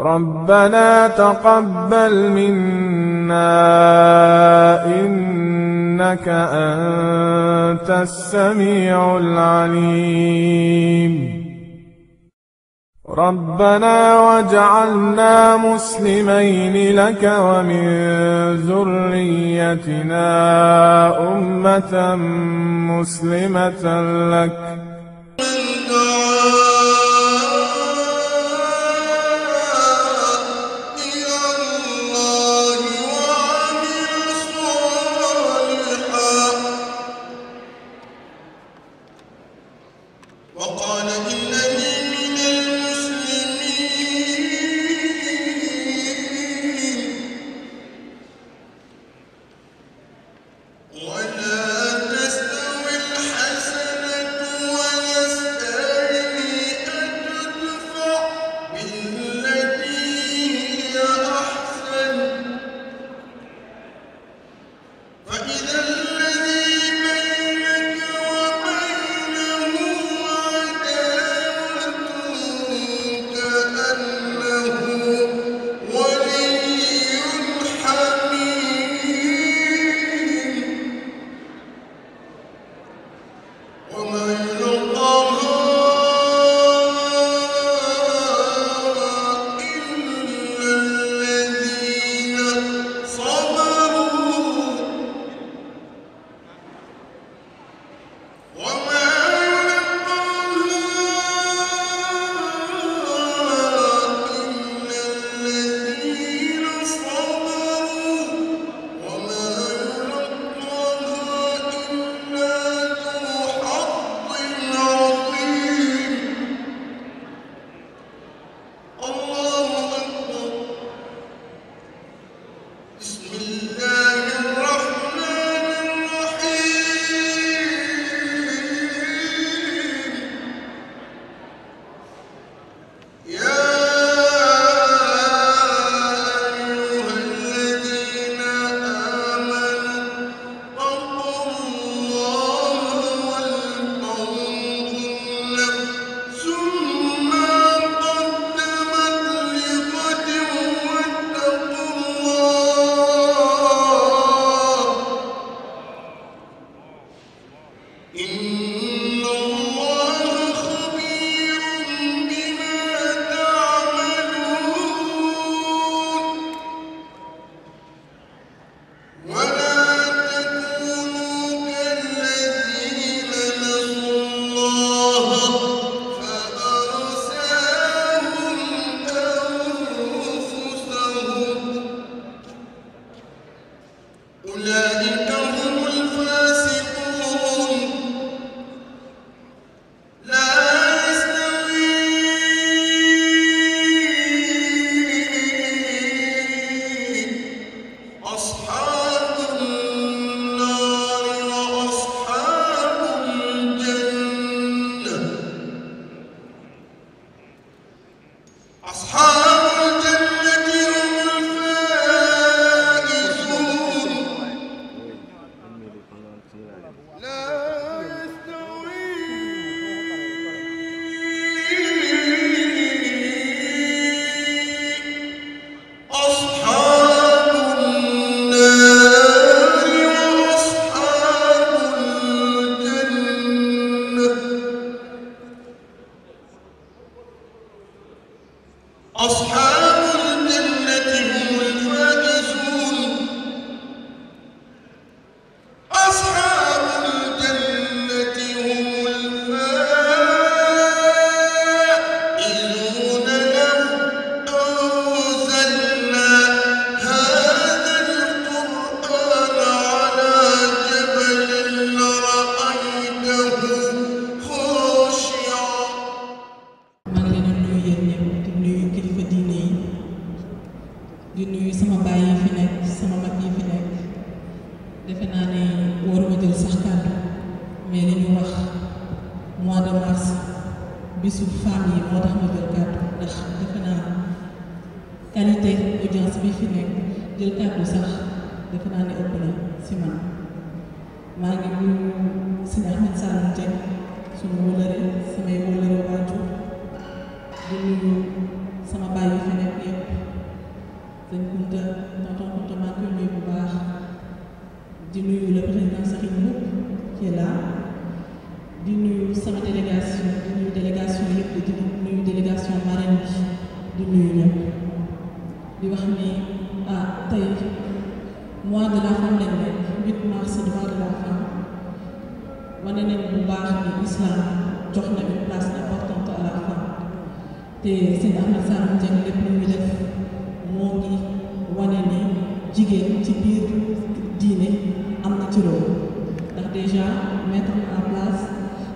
ربنا تقبل منا إنك أنت السميع العليم ربنا واجعلنا مسلمين لك ومن ذريتنا أمة مسلمة لك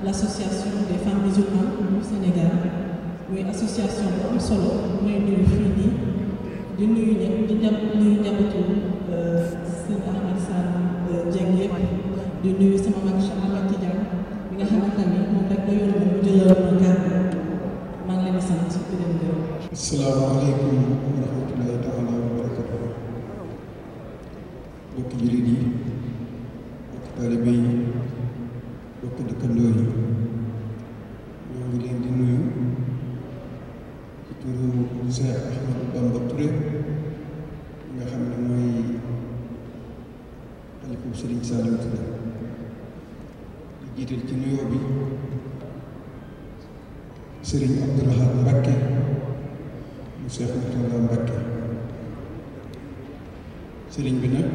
l'association des femmes musulmanes au Sénégal une association solo de nous de de de de de nous de de de de de de dëkkandoo yi ñoo ngi leen di nuyu ci turu Cheikh Ahmadou Bamba Touré nga xam ne mooy xalifab Sëriñ Saliou Touré di jiital ci nuyoo bi Sëriñ Abdoulahad Mbacké mu Cheikh bi nag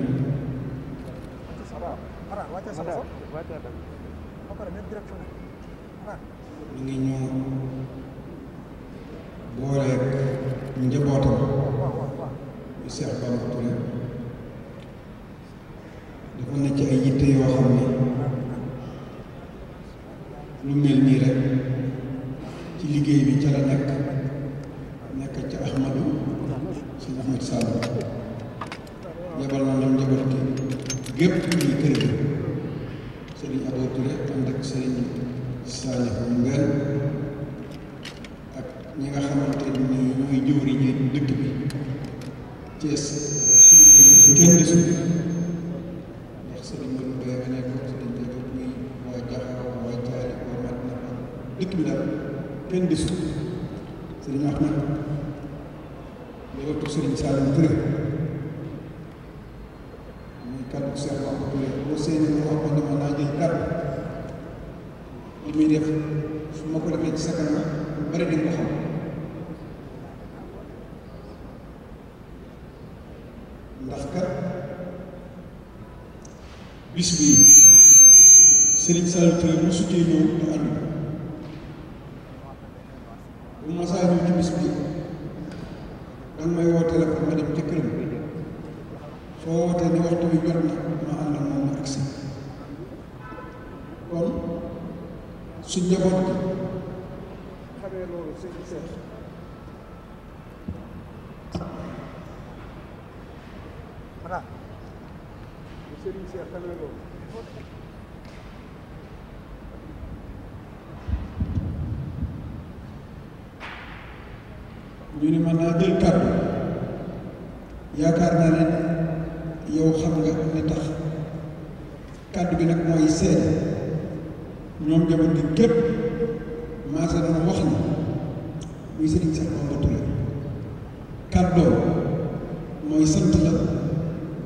mu même direction la mi ngi ñu booleeg njabootam ñu Seex dafa ne ci ay yitte yoo xam ne lu mel nii rek ci liggéey bi ca la nekk nekk ca Ahmadu sëñ Ahmad Sall yebal na ndam njaboot gépp ñuy kër gi Sering Abdou Touré ànd sering salah Saliou Ngane ak ñi nga xamanteni ni ñooy jëwriñu dëkk bi Thiès kilifa yi kenn desul ndax sëriñ Mbène Mbaye ma nekk ak sëriñ Jacob muy waa Jaxaw waa Caali waa Madina dëkk bi daal kenn desul sëriñ Ahmed loolu sëriñ bis bi Serigne Saliou Touré mu su cee saa ñëw ci bis bi may woo téléphone ma dem ca këram soo wootee ni waxtu bi jot na ma ànd ak moom ak si kon suñ njaboot bi xamee loolu Serigne ñu ni man naa jël kàddu yaakaar naa ne yow xam nga ne tax kàddu gi nag mooy seede ñoom jamono gi képp maase dama wax ni muy Serigne Cheikh Mamadou Touré kàddoom mooy sant la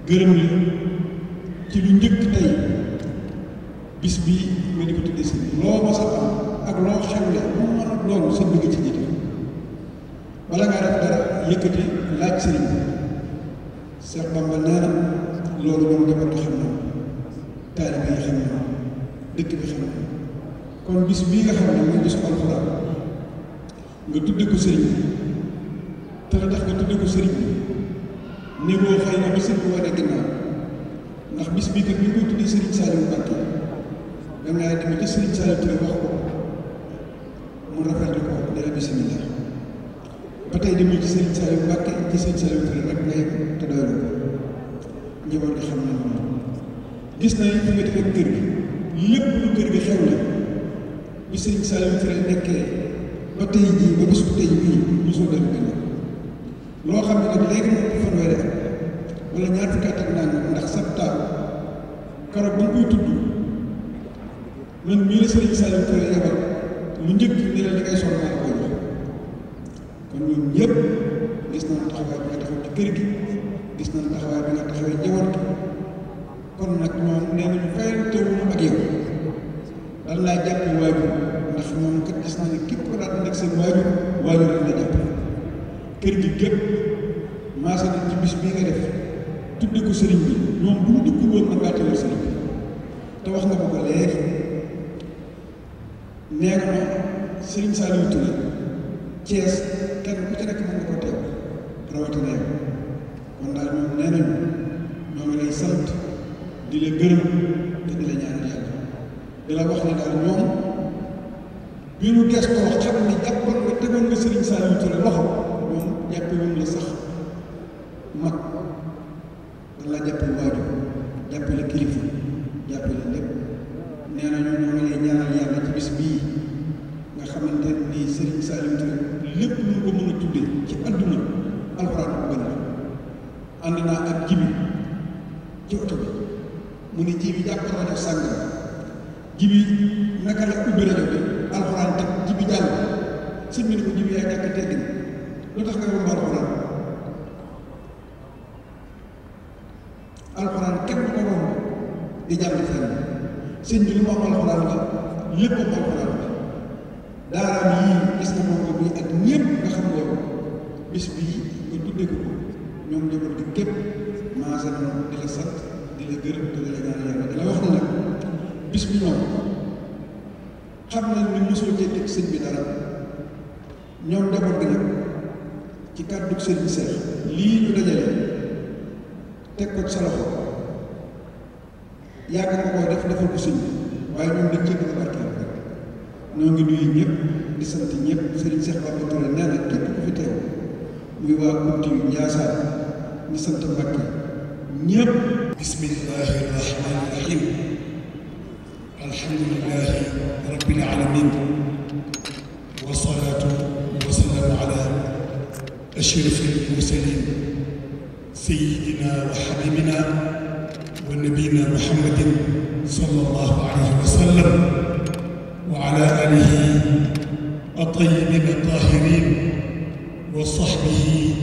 gërëm li njëkk tey bis bi nga di ko tuddee sëñ loo mos a am ak loo xewle moom man loolu sëñ bi nga ci jiite bala ngaa dara yëkkati laaj sëriñ bi Seex Bamba nee na loolu moom nga bëgg xam naa taalibe yi xam naa dëkk bi xam naa kon bis bii nga xam ne mooy bisu alxuraan nga tudde ko sëriñ bi te la tax nga tudde ko sëriñ bi niveau xëy na ba sëriñ bi wane ginnaaw ndax bis bii kat bi ñu koy tuddee Serigne Saliou Mbacké dama laa demee ba tey demee na moom gis naa ba tey tey bii ñu soo dem benn loo xam ne nag léegi nag fanweeri at wala ñaar fukki at ak nangam ndax sab taaw keroog ba tudd man mii la sëriñ Saliou Touré yebal lu njëkk ne la li ngay sol kon ñun ñëpp gis nañ taxawaay bi nga gi gis nañ taxawaay bi nga taxawee njaboot kon nag ñoom nee nañu fayante wuñu ak yow dañ laa jàpp waajur ndax ñoom kat gis naa ne képp ko daan nekk seen waajur waajur lañ la jàpp kër gi gépp maasa nañ ci bii nga def tudde ko sëriñ bi ñoom bu ñu dikkul woon wax nga ko léegi nee na sëriñ Saliou Touré Thiès kenn ku ci nekk mën nga ko lay sant la gërëm ñoom bi ñu gestoo xam ne jàppoon nga tegoon nga sëriñ sax mag war ngaa jàppale kilifa jàppale lépp nee na ñoo ngi ñaanal yàlla ci bis bii nga xamante ni Serigne Saliou Touré lépp lu ko mën a tuddee ci àdduna alxuraan bu bëri ànd naa ak jibi ci oto bi mu ne jibi jàpp rajo sàngam jibi naka la ubbi rajo bi alxuraan teg jibi jàll sëñ bi ko jibi yaay ñàkk teggin lu tax nga yomb alxuraan alxuraan kenn ko woon di jàng fenn sëñ bi lu mu am alxuraan la bi ñoom bi ñoom njaboot gi nag ci kàddu sëñ bi seex lii ñu dajale teg ko ci sa loxo yàgg nga koo def defal ko suñu waaye ñun dañ cee gën a barkeel rek ñoo ngi nuyu ñëpp di sant ñëpp sëriñ Cheikh Baba Touré nee na képp ku fi teew muy waa Kounta yu Ndiassane ñu sant Mbàkke ñëpp bismillahi rahmani rahim alhamdulilahi rabbil alamin wasalaatu wasalaamu ala ashrafil mursalin سيدنا وحبيبنا ونبينا محمد صلى الله عليه وسلم وعلى آله الطيبين الطاهرين وصحبه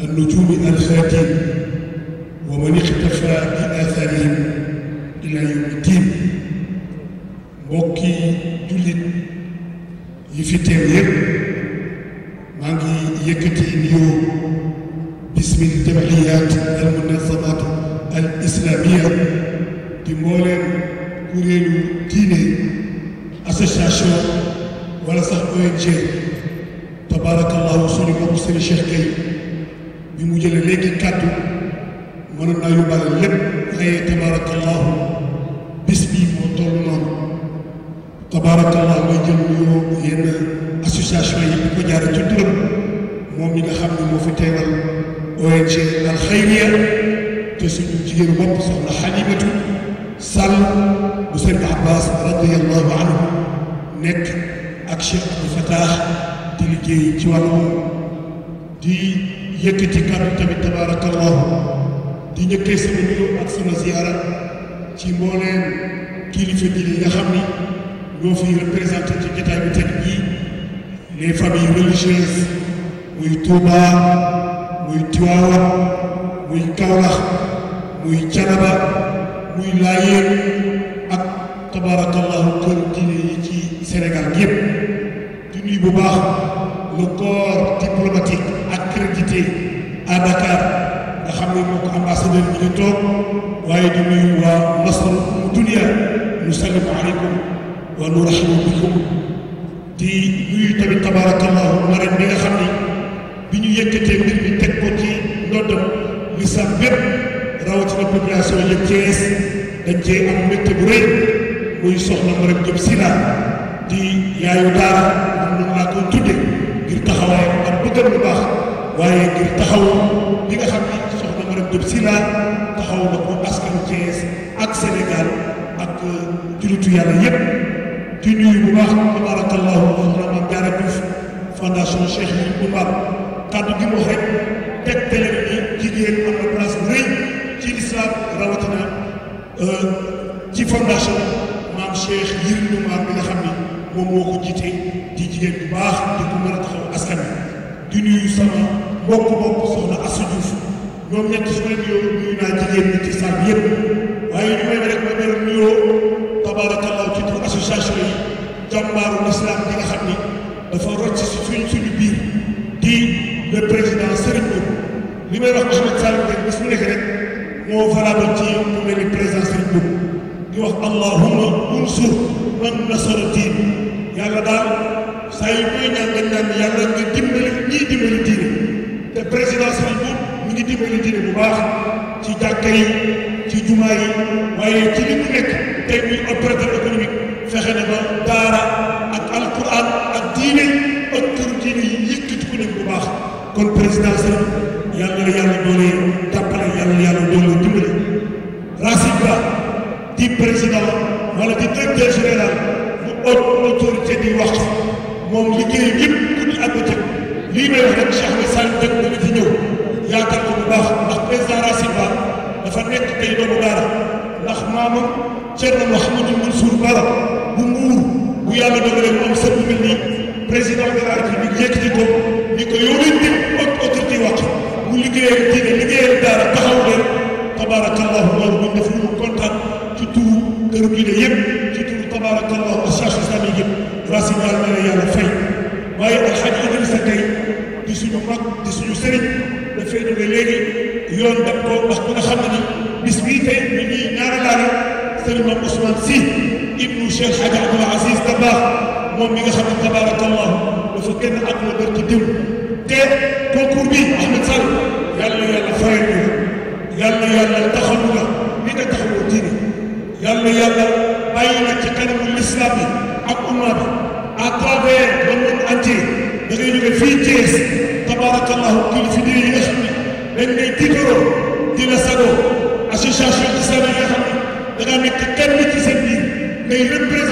النجوم الخاتم ومن اختفى بآثارهم إلى يوم الدين موكي جلد يفتن يب مانجي يكتي maa جمعيات المنظمات الإسلامية di mbooleem kuréelu diine association wala sax ONG tabarakallahu suñu mbokk sëriñ Cheikh Gueye bi mu jëlee léegi kàddu mënoon naa yóbbaale lépp waaye tabarakallahu bis bi moo toll noonu tabarakallahu ngay jël nuyoo yenn association yi bu ko jaaree ci turam moom mi nga xam ne moo fi teewal ONG Al Khayriya te suñu jigéenu bopp soxna Halimatu Sall bu Sëriñ Abbas radiyallahu anhu nekk ak Cheikh Abdou Fatah di liggéey ci wàllum di yëkkati kàddu tamit tabarakallahu di ñëkkee sama nuyoo ak sama ziyaara ci mbooleem kilifa diine yi nga xam ni ñoo fi représenté ci jotaay bi teg bii les familles religieuses muy Touba muy Tiwaawan muy Kawlax muy Canaba muy Laayeen ak tabarakallahu kër diine yi ci Sénégal yëpp di nuyu bu baax le corps diplomatique accrédité à Dakar nga xam ne moo ko ambassadeur bi di toog waaye di nuyu waa Masr mu dunia nu sallimu aleykum wa nu rahimu bikum di nuyu tamit tabarakallahu marraine bi nga xam ni bi ñu yëkkatee islam bépp rawatina population yëpp Thiès dañ cee am métti bu rëy muy soxna ma rek jëm sila di yaayu daara moom noonu laa koy ngir taxawaay ak bëggal lu baax waaye ngir taxaw li xam ni soxna ma rek jëm sila taxaw na ko askanu Thiès ak Sénégal ak euh, jullitu yàlla yépp di nuyu bu baax tabarakallahu soxna Mame Diarra Diouf fondation Cheikh Oumar kàddu gi mu wax tegtale na ni jigéen am na place bu rëy ci lislaam rawatina ci fondation maam Cheikh Yirlu Mar bi nga xam ni moom moo ko jiite di jigéen bu baax di ko mën a taxaw askan bi di nuyu sama mbokk bopp soxna Assa Diouf ñoom ñett su leen yow nuyu naa jigéen ñi ci saal yëpp waaye ñu may rek ma mel nuyoo tabarakallah ci tur association yi jàmbaaru lislaam bi nga xam ni dafa rocc si suñ suñu biir li may wax Ahmed Sall rek bés bu nekk rek moo valable ci mu mel ni président Serigne Boub wax allahumma unsur man nasara diin yàlla daal saa yu koy ñaan dañ naan yàlla nga dimbali ñii dimbali diine baax ci jàkka yi ci waaye ci li mu nekk tey muy opérateur économique fexe na ba They represent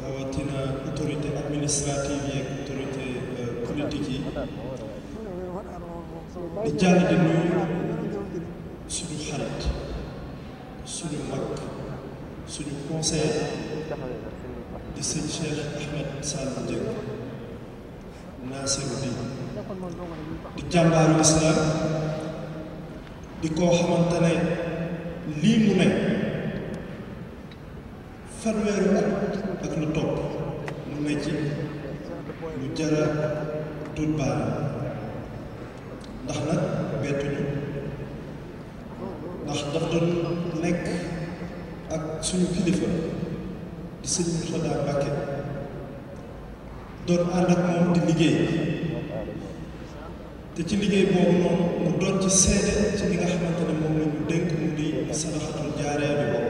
Lawatina autorité administrative et autorité euh, politique. Les gens de nous, sur le Khalid, sur le MAC, sur le conseil de Saint-Cher Ahmed Saloudek, Nasser Oudin, de Djambar Islam, de Kohamantanay, Limounay. fanweeri at ak lu topp mu ne lu jara tuut ndax nag bettuñu ndax daf doon nekk ak suñu kilifa di sëñ Murtada Mbàkke doon ànd ak moom di liggéey te ci liggéey boobu noonu mu doon ci seede ci li nga moom la dénk mu di saraxatul jaareelu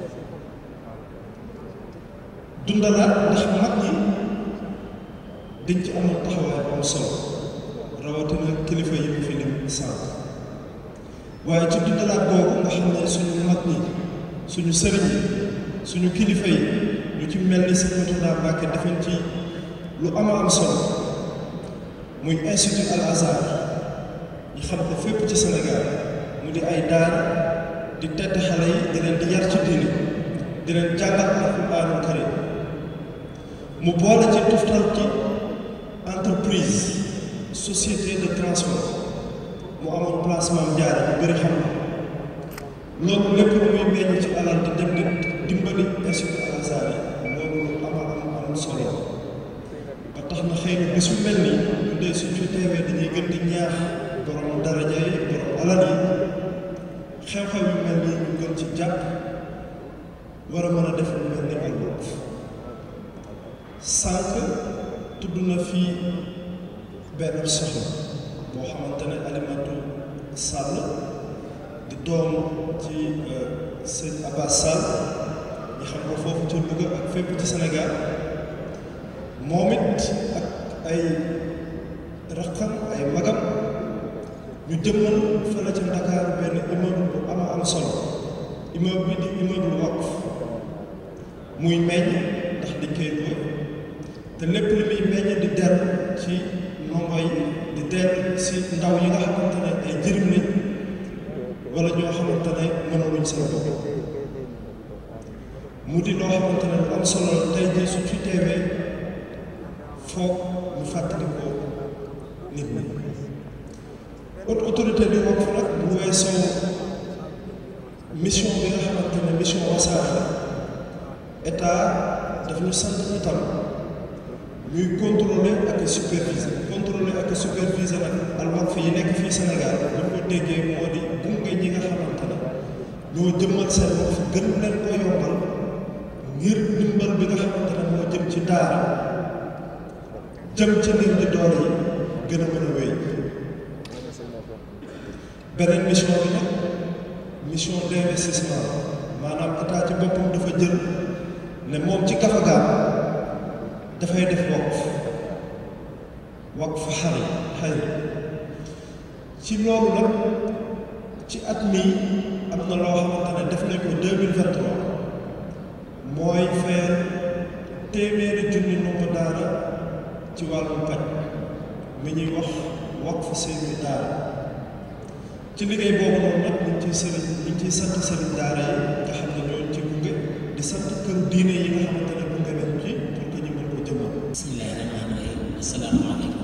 dundalaat ndax mag ñi dañ ci amoon taxawaay am solo rawatina kilifa yi mu fi lim sànq waaye ci dundalaat boobu nga xam ne suñu mag ñi suñu sëriñ yi suñu kilifa yi ñu ci mel ni Sëriñ Mountakha Mbacké defañ ci lu ama am solo muy institut Al Azhar ñu xam ko fépp ci Sénégal mu di ay daara di tedd xale yi di di yar ci diini di leen jàngal alxuraanul karim tuftal ci entreprise société de transport mu amoon placement njaare bu bëri xam loolu lépp muy meññ ci alal di dem di dimbali institut al azhar loolu amal am am solo ba tax na xëy na bisu mel ni bu dee suñ fi teewee dañuy gën di ñaax borom daraja yi borom alal yi xew-xew yu mel ni ñu gën ci jàpp war a mën a def lu mel ni ay sànq tudd na fi benn soxla boo xamante ne Alimatu Sall di doom ci euh, sëñ Abbas Sall ñu xam foofu ci Louga ak fépp ci Sénégal moom it ak ay raqam ay magam ñu jëmmal fële ca benn immeuble bu ama am solo immeuble bi di immeuble waqf muy meññ ndax di koy te lépp li muy meññ di der ci ndongo yi di der si ndaw yi nga xamante ne ay jërim lañ wala ñoo xamante ne mu di loo xamante ne am solo tey jii su ci teewee foog ñu fàttali ko nit autorité di Waqf nag bu weesoo mission bi nga xamante ne mission Wassare la état ñu sant itam ñuy contrôler ak superviser contrôler ak superviser nag Al-Wafa yi nekk fii Sénégal dañ ko déggee moo di gunge ñi nga xamante ne jëmmal seen bopp gën bi nga xamante ne moo a mën a wéy beneen mission bi nag maanaam état ci boppam dafa jël ne moom ci kafagaam dafay def waqf waqf xari xari ci loolu nag ci at mi am na loo xamante ne def nañ ko 2023 mooy fayal téeméeri junni ndongo daara ci wàllu paj mi ñuy wax waqf seeni daara ci liggéey boobu noonu nag ñu ngi ciy sëriñ ñu ngi ciy sant sëriñ daara yi nga xam ne ñoo ci gunge di sant kër diine yi nga xamante بسم الله الرحمن الرحيم السلام عليكم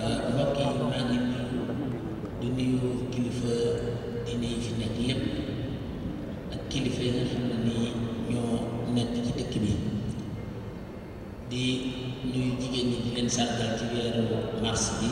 mbokk yi maa ngi nuyu di nuyu kilifa diine yi fi nekk yépp ak kilifa yi nga xam ne nii ñoo nekk ci dëkk bi di nuyu jigéen ñi di leen sargal ci weeru mars bi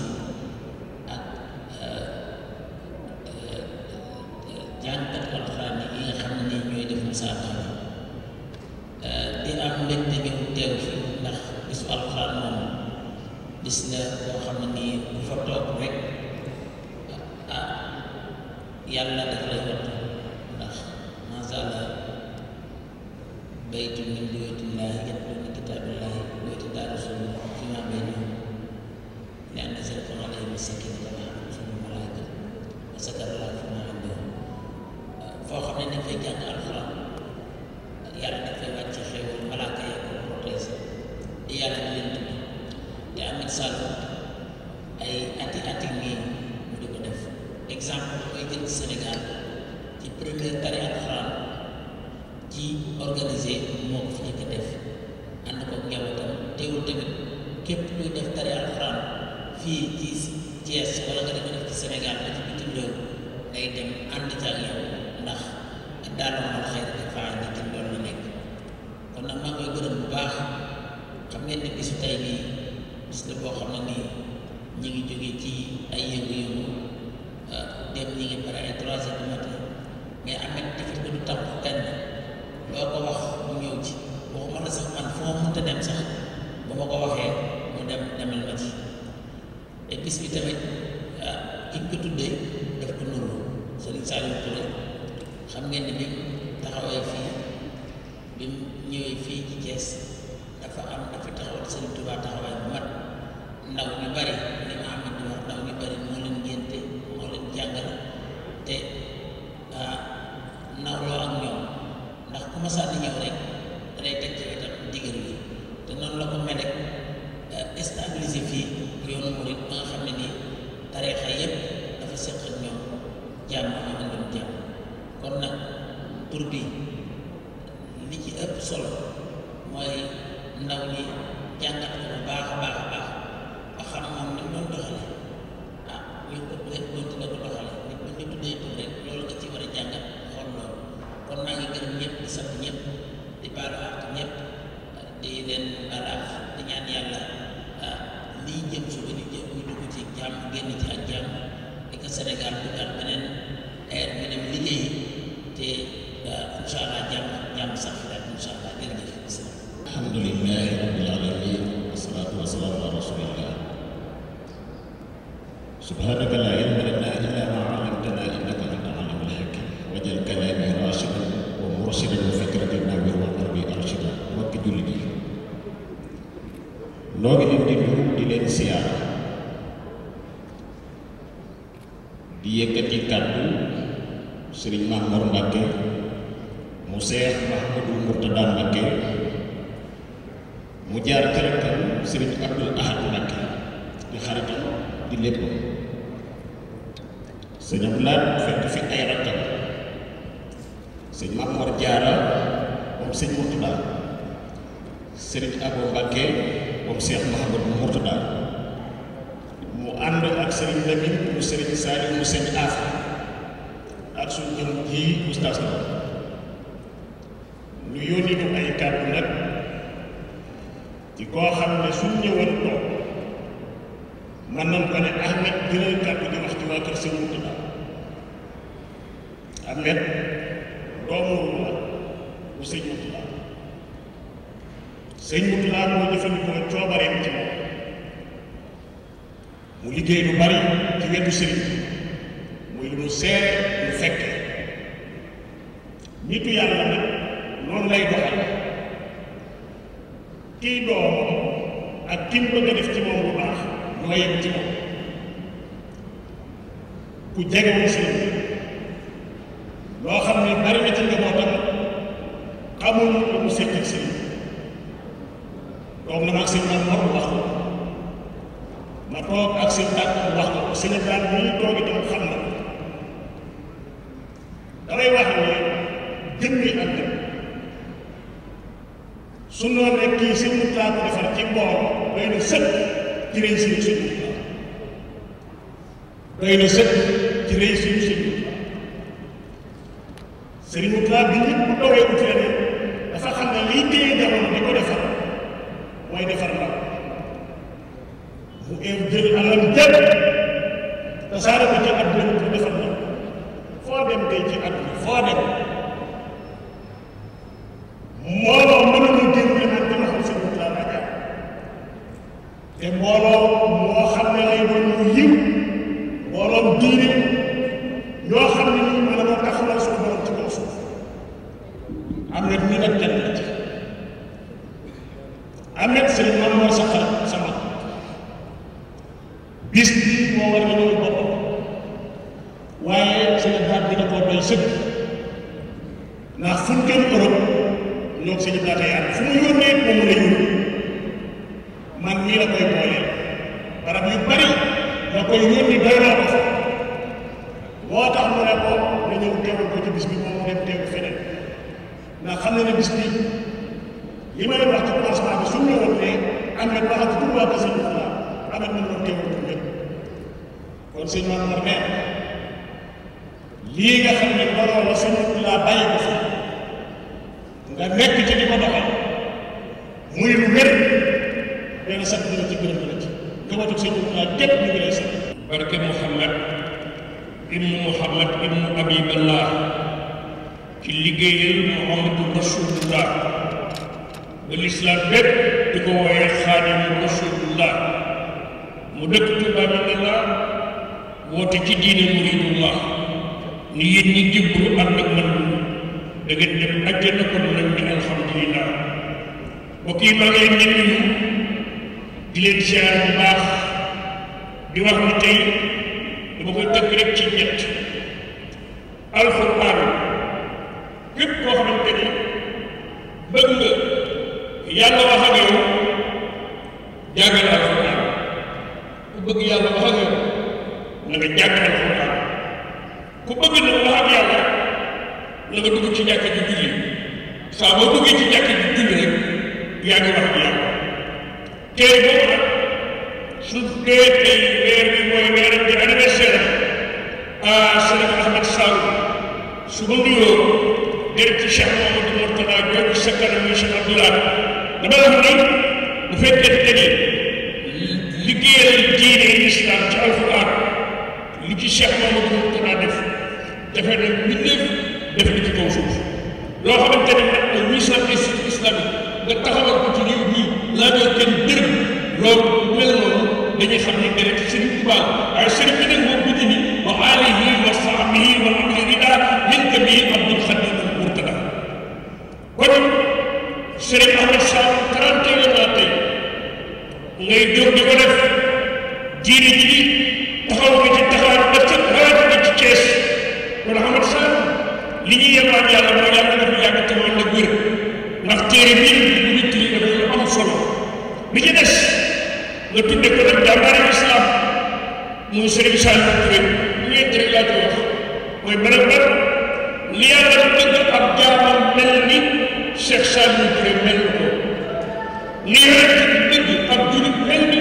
noo ngi leen di di leen siyaar di yëkkati kàddu sëriñ Mahmour Mbacké mu seex Mahmoudou Mourtada mu jaar ci rakkam sëriñ Abdul Ahad Mbacké di xaritam di lépp sëñ am laat fekk fi ay rakkam sëñ Mahmour Diarra moom sëñ Mourtada sëriñ Abo Mbacké moom Cheikh Mouhamadou Mourtada mu ànd ak Serigne Lamine mu Serigne Saliou mu Serigne Afa ak suñu jëm ji oustaz na ñu ay kàddu nag ci koo xam ne suñ ñëwoon toog mën nañ ko ne Ahmed jëlal kàddu di wax ci waa kër Serigne sëñ Murtala moo jëfandikoo coobareem ci mu liggéey lu bari ci wetu sëriñ muy lu mu seet lu fekke nitu yàlla nag noonu lay doxal kii doom ak kim bëgg def ci moom bu baax ñoo yem ci moom ku jegewu sëriñ loo xam ne bari na ci njabootam xamul lu mu séq sëriñ toog na ma ak sëñ Mor wax ko ma toog ak sëñ Dàkk wax ko sëñ Dàkk bi ñu toog itam xam na damay wax ne jëmmi ak dem su noonu rek kii sëñ mu taal defar ci mboor doy na mu taal doy na sëkk ci réussir mu taal sëñ mu taal bi indi doyroon ko moo tax mu ne ko na ñëw teewal ko ci bis bi moom dem teew feneen ndax xam na ne bis bi li may wax ci commencement bi su ñu woon ne am na wax ak tout waa kese bi xalaat amat na loolu teewal ko ñëpp kon sëñ Mamour ne lii nga xam ne borom la sëñ laa bàyyi ko fi nga nekk ci di ko doxal muy lu wér dana sant dina ci gërëm dina ci nga watul sëñ laa képp ñu ngi lay barke Muhammad ibnu Muhammad ibnu Abiballah ci liggéeyal Muhammadu Rasulullah ba lislaam bépp di ko wooye Xaadimu Rasulullah mu dëkk Tuubaa Madina woote ci diine muridullah ni yéen ñi jublu ànd ak man da dem àjjana kon nañ ni alhamdulillah mbokk yi maa ngi leen di nuyu di leen baax di wax ni tey dama koy tëgg rek ci ñett alxuraan képp koo xamante ni bëgg nga yàlla wax ak yow jàngal alxuraan ku bëgg yàlla wax ak yow na nga ku bëgg na wax ak yàlla na nga dugg ci jàkk ji julli saa boo duggee ci jàkk ji julli rek yaa ngi wax ak yàlla tey boobu nag Suddeti verbi boyları bir anıbesir. Sırık Ahmet Sağ. Subunduyo. Derki Şah Mahmud Murtada Gök Sakar Mişan Abdullah. Nabal Hınnay. Müfekketleri. Ligiyel dini İslam. Çal Kur'an. Ligi Şah Mahmud Murtada def. Defa ne müddef. Def ligi kaw suuf. Loo xamante ne nag ay mission islamique nga taxawal ko ci réew bii laa dañuy xam ni deret Sëriñ ay sëriñ bi nag moom bi ni wa alihi wa sahbihi wa amli rida min jamiil Abdul Xadim al Murtada kon sëriñ Ahmad Sall trente et un ans tey ngay jóg di ko def diine ji taxaw nga ci taxawaat ba ca xalaat nga ci Cees kon Ahmad Sall li ñuy yalwaan yàlla mooy yàlla dafa yàgg te wàll wér ndax téere bi bu nit yi dafay am solo nga tudde ko nag jàmbaari islam muy Serigne Saliou Touré ñeent rek laa ci wax mooy beneen ba li yàlla dëgg ab jaamam mel ni Cheikh Saliou Touré mel ni ko li yàlla dëgg ab jullit mel ni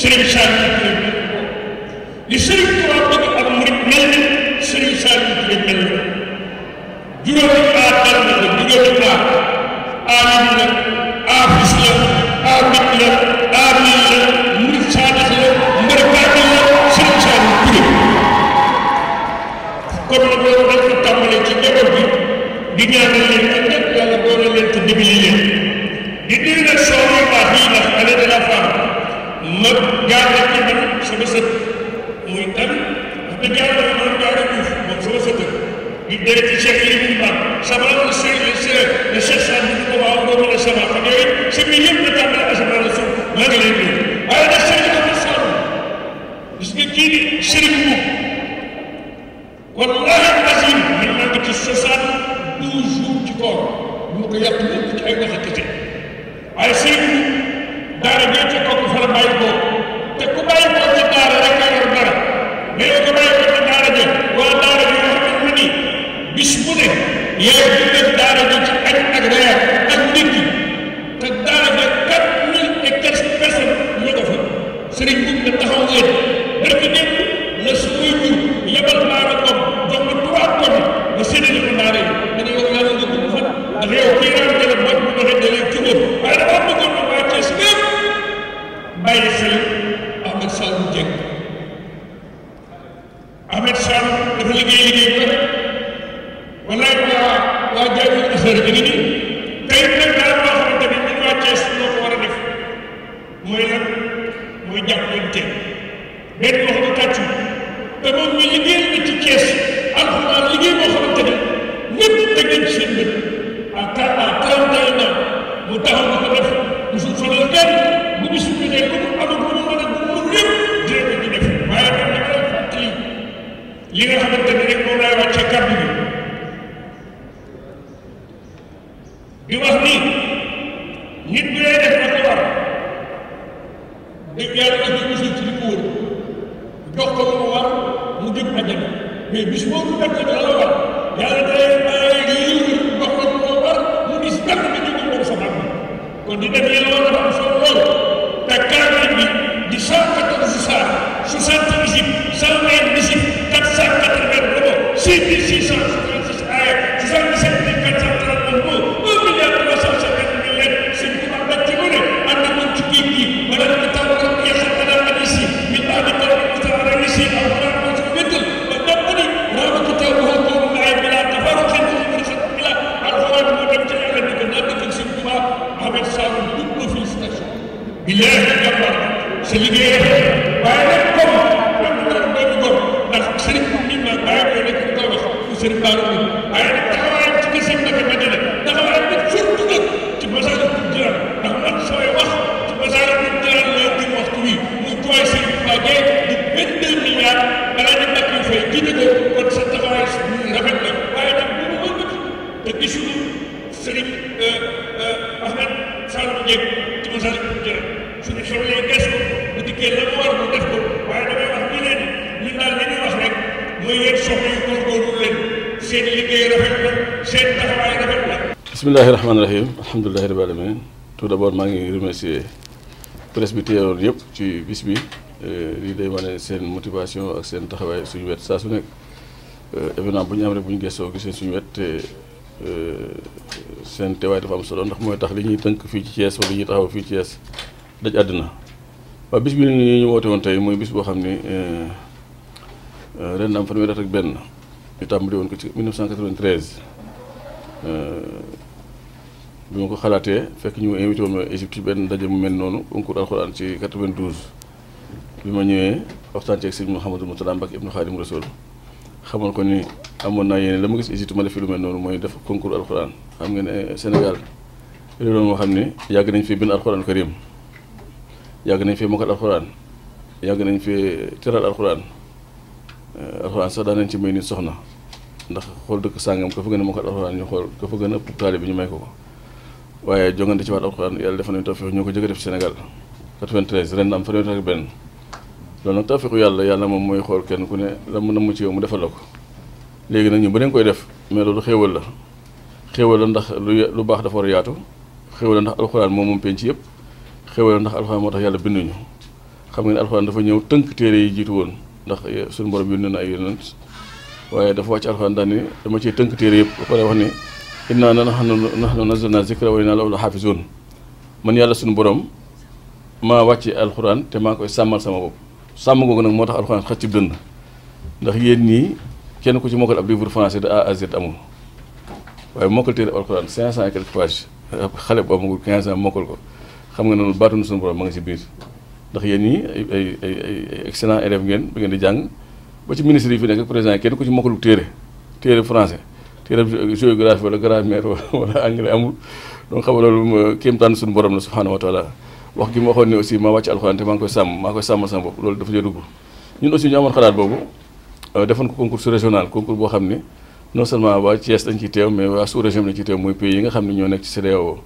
Serigne Saliou Touré mel ni ko li Serigne Touba bëgg ab murit mel ni Serigne Saliou Touré mel ni ko juróomi aar dal na ko juróomi aar aar na di ñaanal leen ñoom ñëpp yàlla doole leen te dimbali leen di nuyu nag soxna yu baax yi ndax année de la femme ma gaar ci man sama sët muy tan wax dëgg yàlla moom jaara Diouf moom sama sët di dee ci Cheikh yi bu baax sama la se se le Cheikh Sall bu ko waaw doo mën a sama fan yooyu sëñ bi yëpp la tàmbale asamaan la suuf maa ngi leen nuyu waaye nag sëñ dafa sàmm gis nga kii di sëriñ bu wallahi mu yàq ñëpp ci ay waxi kese waaye sëñ bi daara jee ca kooku fa la bàyyi te ku bàyyi koo ci daara a yor dara mais yow ko bàyyi koo ci daara ja wala daara ji wax mu ni bis bu ne yaay dundee daara ji ci añ ak bàyyi xel Ahmed Saloum Dieng Ahmed Saloum dafa liggéey liggéey ba walaay waa waa jaay ma Ahmed Saloum ñun ma félicitation bi léegi jàmbaar sa liggéey waaye nag comme même bu doon doomu góor ndax sëriñ bi nii nag bàyyi ko nekk di ko wax sëriñ Bara bismillahi rahmaani rahim alhamdulilahi rabbil alamin tout d'abord maa ngi remercier presse bi teewoon yëpp ci bis bi euh, lii day wane seen motivation ak seen taxawaay suñu wet saa su nekk euh, événement bu ñu am rek bu ñu gëstoo gisee suñu wet te euh, seen teewaay dafa am solo ndax mooy tax li ñuy tënk fii ci Thiès wala li ñuy taxaw fii ci Thiès daj àddina waaw bis bi ni ñu woote woon tey mooy bis boo xam ni ren am fanweeri at ak benn ñu tàmbali woon ko ci 1993 bi ma ko xalaatee fekk ñu invité woon ma benn ndaje mu mel noonu concours alxuraan ci 92. bi ma ñëwee waxtaan ci ak sëñ Mouhamadou Moutala Mbacke Ibnu Xaadim Rasul xamal ko ni amoon naa yéene la ma gis Égypte ma def fi lu mel noonu mooy def concours alxuraan xam nga ne eh, Sénégal réew la moo xam ne yàgg nañ fi bind alxuraan karim yàgg nañ fi mokkal alxuraan yàgg nañ fi teral alxuraan eh, alxuraan sax daan nañ ci may nit soxna ndax xool dëkk sàngam ka fa gën a mokkal alxuraan ñu bi ñu may ko ko. waaye jongante ci waat alxuraan yàlla def nañu tawféex ñoo ko jëkk def Sénégal 93 ren am fanweer ak benn loolu nag tawféexu yàlla yàlla moom mooy xool kenn ku ne la mu namm ci mu defal léegi nag ñu ba koy def mais loolu xéewal la xéewal ndax lu lu baax dafa yaatu xéewal la ndax alxuraan moom moom penc yëpp xéewal la ndax alxuraan moo tax yàlla binduñu xam ngeen alxuraan dafa ñëw tënk téere yi jiitu woon ndax suñu borom yónnee na ay yonent waaye dafa wàcc alxuraan daal ni dama ciy tënk téere yëpp ba pare wax ni naa na na xam inna nahnu nazzalna zikra wa inna lahu lahafizun man yàlla suñu borom maa wàcce alxuraan te maa koy sàmmal sama bopp sàmm googu nag moo tax alxuraan xëcc ci dënd ndax yéen ñii kenn ku ci mokkal ab livre français de A à Z amul waaye mokkal téere alxuraan cinq cent et quelques pages xale boobu amagul quinze ans mokkal ko xam nga noonu baatuñu suñu borom ma nga ci biir ndax yéen ñii ay ay ay excellent élève ngeen bi ngeen di jàng ba ci ministre yi fi nekk président yi kenn ku ci mokkalu téere téere français te dem géographie wala grammaire wala anglais amul donc xam nga loolu euh, kéemtaan suñu borom la subhaanahu wa taala ma waxoon ne aussi maa wàcc alxuraan te maa ngi koy sàmm maa koy sàmmal sama bopp loolu dafa jee dugg ñun aussi ñu amoon xalaat boobu euh, defoon ko concours régional concours boo xam ne non seulement waa Thiès dañ ci teew mais waa sous région bi dañ ciy teew mooy pays nga xam ne ñoo nekk ci CEDEAO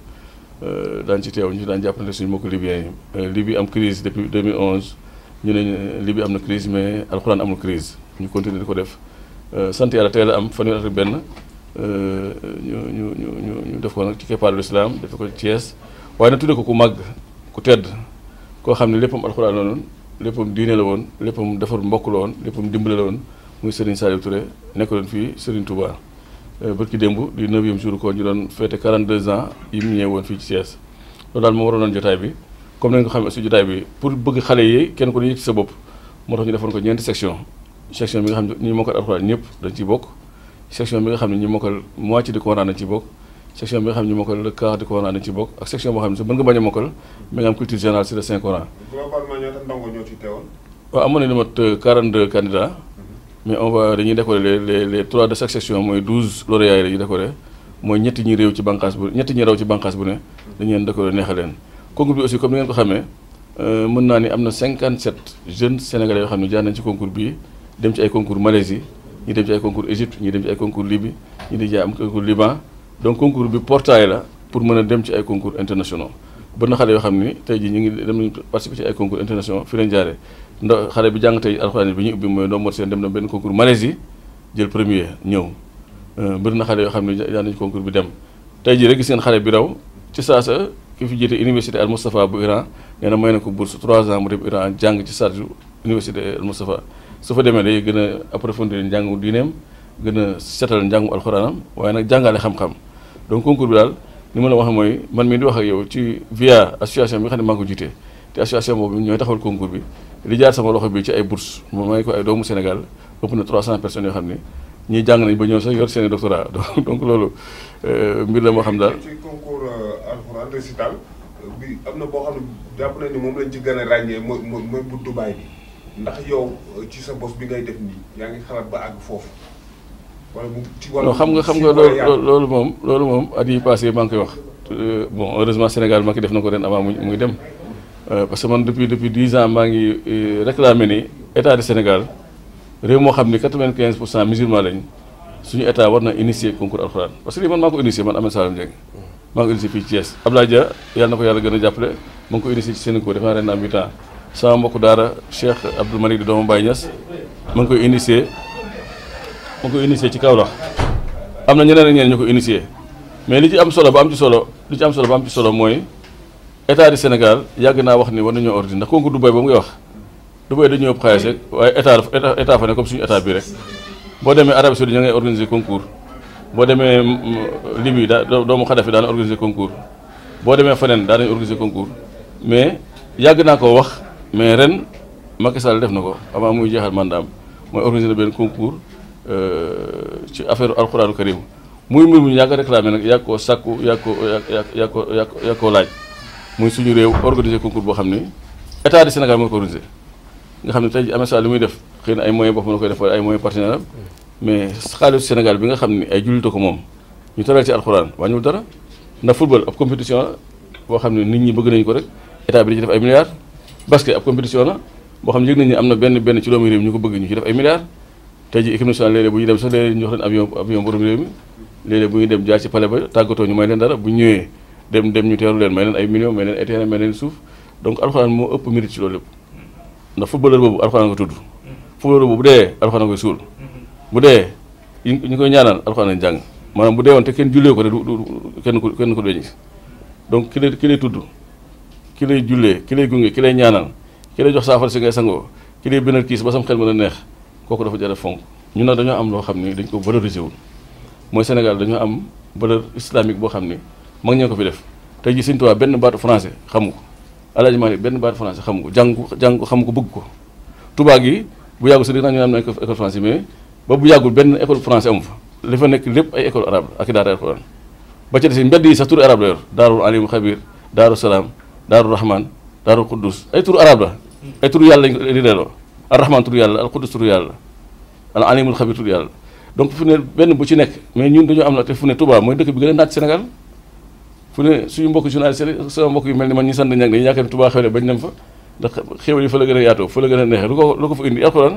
euh, daan ci teew ñu daan jàppante suñu mbokku libyens yi Libye am crise depuis 2011 ñu ne Libye am na crise mais alxuraan amul crise ñu continuer ko def sant yàlla teel a am fanweer ñu ñu ñu ñu def ko nag ci keppaaru islam def ko ci Thiès waaye nag tudde ko ku màgg ku tedd koo xam ne léppam alxuraan la woon léppam diine la woon léppam defar mbokk la woon léppam dimbale la woon muy Serigne Saliou nekk nekkoon fii Serigne Touba. Euh, bërki démb di neuvième jour ko ñu doon féete 42 ans yi mu ñëwee woon fii ci Thiès loolu daal moo waroonoon jotaay bi comme nañ ko xam ne aussi jotaay bi pour bëgg xale yi kenn ku ne yëg ci sa bopp moo ñu defoon ko ñeenti section section bi nga xam ne ñi moo ko alxuraan ñëpp dañ ciy bokk. section bi nga xam ne ñi mokkal moitié du Coran na ci bokk section bi nga xam ne ñi mokkal le quart du na ci bokk ak section boo xam ne sax a mokkal euh, mhm. dañuy décorer les les les de chaque section mooy 12 lauréats mooy ñetti ñi réew ci bànqaas bu ñetti ñi raw ci bànqaas bu ne. dañu leen décorer neexal leen. concours bi aussi comme ni ngeen ko xamee euh, mën naa ni am na 57 jeunes sénégalais yoo xam ne jaar nañ ci concours bi dem ci ay concours Malaisie ñu dem ci ay concours Égypte ñu dem ci ay concours Libye ñu dem ci ay concours Liban donc concours bi portail la pour mën a dem ci ay concours internationaux ba na xale yoo xam ni tey jii ñu ngi dem nañu participer ci ay concours internationaux fi lañ jaaree xale bi jàng tey alxuraan bi ñu ubbi mooy ndombor seen dem na benn concours Malaisie jël premier ñëw euh, bëri na xale yoo xam ne daan nañ concours bi dem tey jii rek gis xale bi raw ci saasa ki fi jiite université Al Moustapha bu Iran nee na may na ko bourse 3 ans mu su fa demee day gën a approfondir njàngu diineem gën a setal njàngu alxuraanam waaye nag jàngale xam-xam donc concours bi daal li ma la waxee mooy man mii di wax ak yow ci via association bi xam ne maa ngi ko jiite te association boobu ñooy taxawal concours bi li jaar sama loxo bi ci ay bourse moom may ko ay doomu Sénégal ëpp na 300 personne yoo xam ne ñuy jàng nañ ba ñëw sax yor seeni doctorat donc loolu euh, mbir la moo xam daal. ci concours euh, alxuraan récital bi am boo xam jàpp nañ ni moom ci gën a ràññee mooy bu Dubaay bi. ndax yow euh, ci sa bos bi ngay def nii yaa ngi xalaat ba àgg foofu. wala xam nga xam nga loolu loolu moom loolu moom at yi passé maa ngi koy wax euh, bon heureusement Sénégal maa ngi def na ko ren avant mu muy dem euh, parce que man depuis depuis dix ans maa ngi réclamé ni état de Sénégal réew moo xam ni quatre-vingt-quinze pour cent musulman lañ suñu état war na initier concours alxuraan parce que lii man maa ko initier man Ahmed Salam Dieng maa ko initier fii yàlla gën a jàppale maa ngi ko initier ci Sénégal defe naa ren am sama mbokku daara Cheikh Abdou Malick di doomu Baye Niass ma ngi koy initié ma ngi koy initié ci Kaolack am na ñeneen ak ñeneen ñu ko initié mais li ci am solo ba am ci solo li ci am solo ba solo mooy état du Sénégal yàgg naa wax ni war nañoo ordine ndax kooku Dubaï ba mu ngi wax Dubaï dañu yóbbu xaalis rek waaye état état fa ne comme suñu état bii rek boo demee Arabie Saoudite ña ngay organiser concours boo demee mm, mm, Libye daa doomu Xadafi daana organiser concours boo demee feneen daanañ organiser concours mais yàgg naa koo wax mais ren Macky Sall def na ko avant muy jeexal mandaam mooy organiser na benn concours euh, ci affaire alxuraanu karim muy mbir mu yaa ko réclamé nag yaa ko sàkku yaa ko yaa laaj muy suñu réew organiser concours boo xam ne état du Sénégal moo ko organisé nga xam ne tey Ameth Sall li muy def xëy na ay moyens boppam la koy def ay moyens partenaire am mais xaalisu Sénégal bi nga xam ne ay jullit ko moom ñu taral ci alxuraan wàññiwul dara ndax football ab compétition xam ne nit ñi bëgg nañu ko rek état bi di def ay milliards. basket ab compétition la boo xam ne yëg nañ am na benn benn ci doomu réew mi ñu ko bëgg ñu ci def ay milliards tey ji équipe nationale bu ñu dem sax léeg-léeg ñu jox leen avion avion borom réew mi léeg bu ñu dem jaar ci palais ba tàggatoo ñu may leen dara bu ñëwee dem dem ñu teeru leen may leen ay millions may leen ay terrain may leen suuf donc alxuraan moo ëpp mérite ci loolu lépp ndax footballeur boobu alxuraan ko tudd footballeur boobu bu dee alxuraan bu dee ñu koy kenn jullee ko te du ki lay tudd ki lay jullee ki lay gunge ki lay ñaanal ki lay jox saafara si ngay sangoo ki lay benal kiis ba sam xel mën a neex kooku dafa jara fonk ñu nag dañoo am loo xam ni dañ ko valoriser wul mooy Sénégal dañoo am valeur islamique boo xam ni mag ñee ko fi def te ji Sëñ Tuubaa benn baatu français xamu ko Alaaji Maalik benn baatu français xamu ko jàng ko jàng ko xamu ko bëgg ko Tuubaa yi bu yàggul sax dina ñu am na école français mais ba bu yàggul benn école français amu fa li fa nekk lépp ay école ak i daara alxuraan ba ca des mbedd sax turu arabe la yor daarul alim xabir daaru daaru rahman daaru quddus ay turu arab la ay turu yàlla lañ ko di delloo al rahman turu yàlla al quddus turu yàlla al alimul xabir turu yàlla donc fu ne benn bu ci nekk mais ñun dañu am la te fu ne Touba mooy dëkk bi gën a naat Sénégal fu ne suñu mbokk journaliste yi sama mbokk yu mel ni man ñu sant ñag dañu yaakaar ne Touba xewle bañ dem fa ndax xéwal yi fa gën a yaatoo fa gën a neexee lu ko lu ko fa indi alxuraan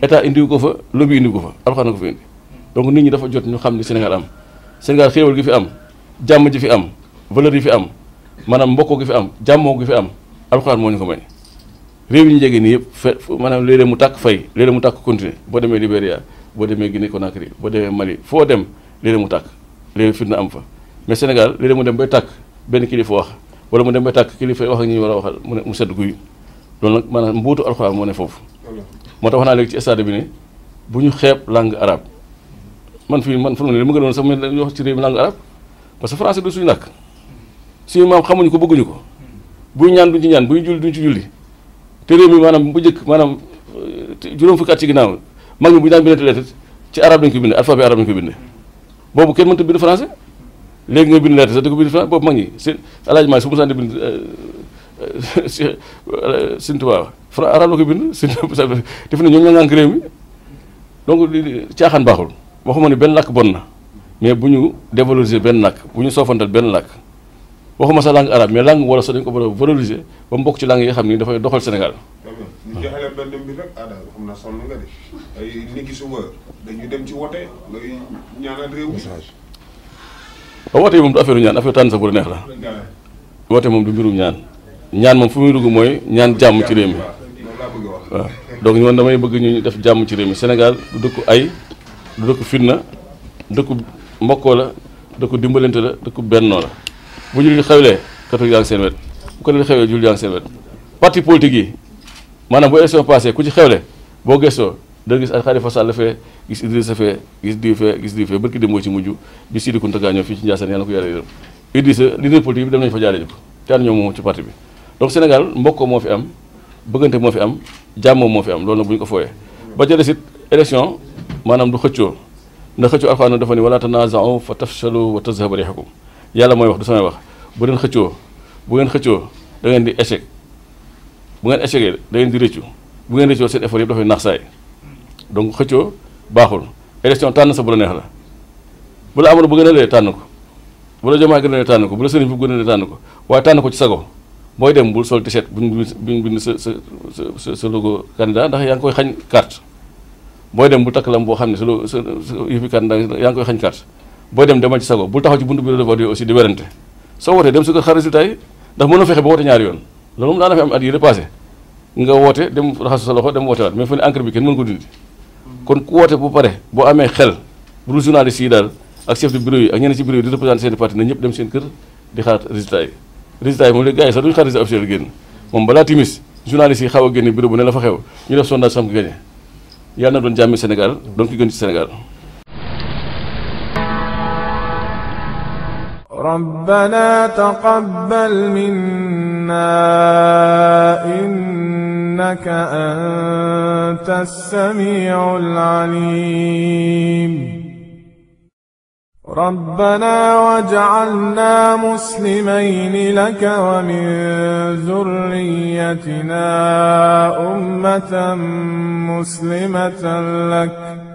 état indiwu ko fa lobby indiwu ko fa alxuraan na ko fa indi ñi dafa jot ñu xam ni Sénégal am Sénégal gi fi am jàmm ji fi am valeur yi fi am manam mboko gi fi am jammo gi fi am alquran moo ñu ko may rew ni jege nii manam fe mu tak fay léeg mu tàkk continuer boo demee Libéria boo demee Guinée Conakry bo demee Mali fo dem léeg mu tak léeg fitna am fa mais Sénégal léeg mu dem bay tak ben kilifa wax wala mu dem bay tak kilifa wax ak ñi ñu waxal mu ne mu sedd guy lool nak manam mbootu alquran mo ne fofu moo tax wax naa léegi ci stade bi ni buñu xép langue arabe man fi man fu ne mu gënoon sax mu wax ci rew langue arabe parce que français du suñu nak su suñu maam xamuñu ko bëgguñu ko buy ñaan duñ ci ñaan buy julli duñ ci julli te réew mi maanaam bu njëkk maanaam eh, juróom fukki ci ginnaaw mag ñi bu ñu daan bindante lettre ci arabe dañ ko bind alphabet arabe dañ ko bind boobu kenn léegi nga bind lettre sax di boobu mag ñi seen alaaj maa su mu sànni bind eh, eh, Sëñ Tuubaa fra arabe def na ñoom ñoo ngànk réew mi donc caaxaan baaxul waxuma ne benn làkk bon na mais bu ñu dévaloriser benn làkk bu ñu soofantal benn làkk waxuma sa langue arabe mais langue wolof sa dañ ko war valoriser ba mu ci langue yi nga xam ni dafay doxal Sénégal. ñu joxale benn mbir rek aada ah, xam naa sonn nga de ay niki suba dañu dem ci wote ngay ñaanal réew wote affaire ñaan affaire sa bu neex la wote du mbirum ñaan ñaan bu jullit xewlee catholique yaa ngi seen wet bu catholique xewlee jullit yaa ngi seen wet parti politique yi maanaam bu élection passé ku ci xewle boo gëstoo da gis Khalifa Sall fee gis Idrissa fee gis diw fee gis diw dem moo ci mujj bi Sidi Kounta Ka ñëw fii ci Ndiassane yàlla na ko yàlla yërëm Idrissa leader politique bi dem nañu fa jaaree ko te ñoom moom ci parti bi donc Sénégal mbokkoo moo fi am bëggante moo fi am jàmmoo moo fi am loolu nag bu ñu ko fooyee ba ca desit élection maanaam du xëccoo ndax xëccoo alxuraan dafa ni wala tanaza'u fa tafshalu wa tazhaba rihukum yàlla mooy wax du samay wax bu leen xëccoo bu ngeen xëccoo da ngeen di échec bu ngeen échecee da ngeen di rëccu bu ngeen rëccoo seen effort yëpp dafay nax saay donc xëccoo baaxul élection tànn sa bu la neex la bu la amoon bu gën tànn ko bu la jomaa gën tànn ko bu la sëriñ bu gën a tànn ko waaye tànn ko ci sago booy dem bul sol t-shirt buñ buñ bind sa sa sa sa logo candidat ndax yaa ngi koy xañ carte booy dem bu takk la boo xam ne sa sa yëfi candidat yaa boo dem demal ci sago bul taxaw ci buntu bureau de vote yi aussi di werante soo wootee dem su ko xar résultat yi ndax mënoo fexe ba woote ñaari yoon loolu moom daana fi am at yi repassé nga woote dem raxasu sa daal ak chef de bureau seen parti résultat yi résultat yi moom léegi gars yi balaa timis journaliste yi xaw a génne bureau bu ne la fa xew ñu def sondage sam ko gagné yàlla na doon jàmmi Sénégal doon ki gën Sénégal ربنا تقبل منا إنك أنت السميع العليم ربنا واجعلنا مسلمين لك ومن ذريتنا أمة مسلمة لك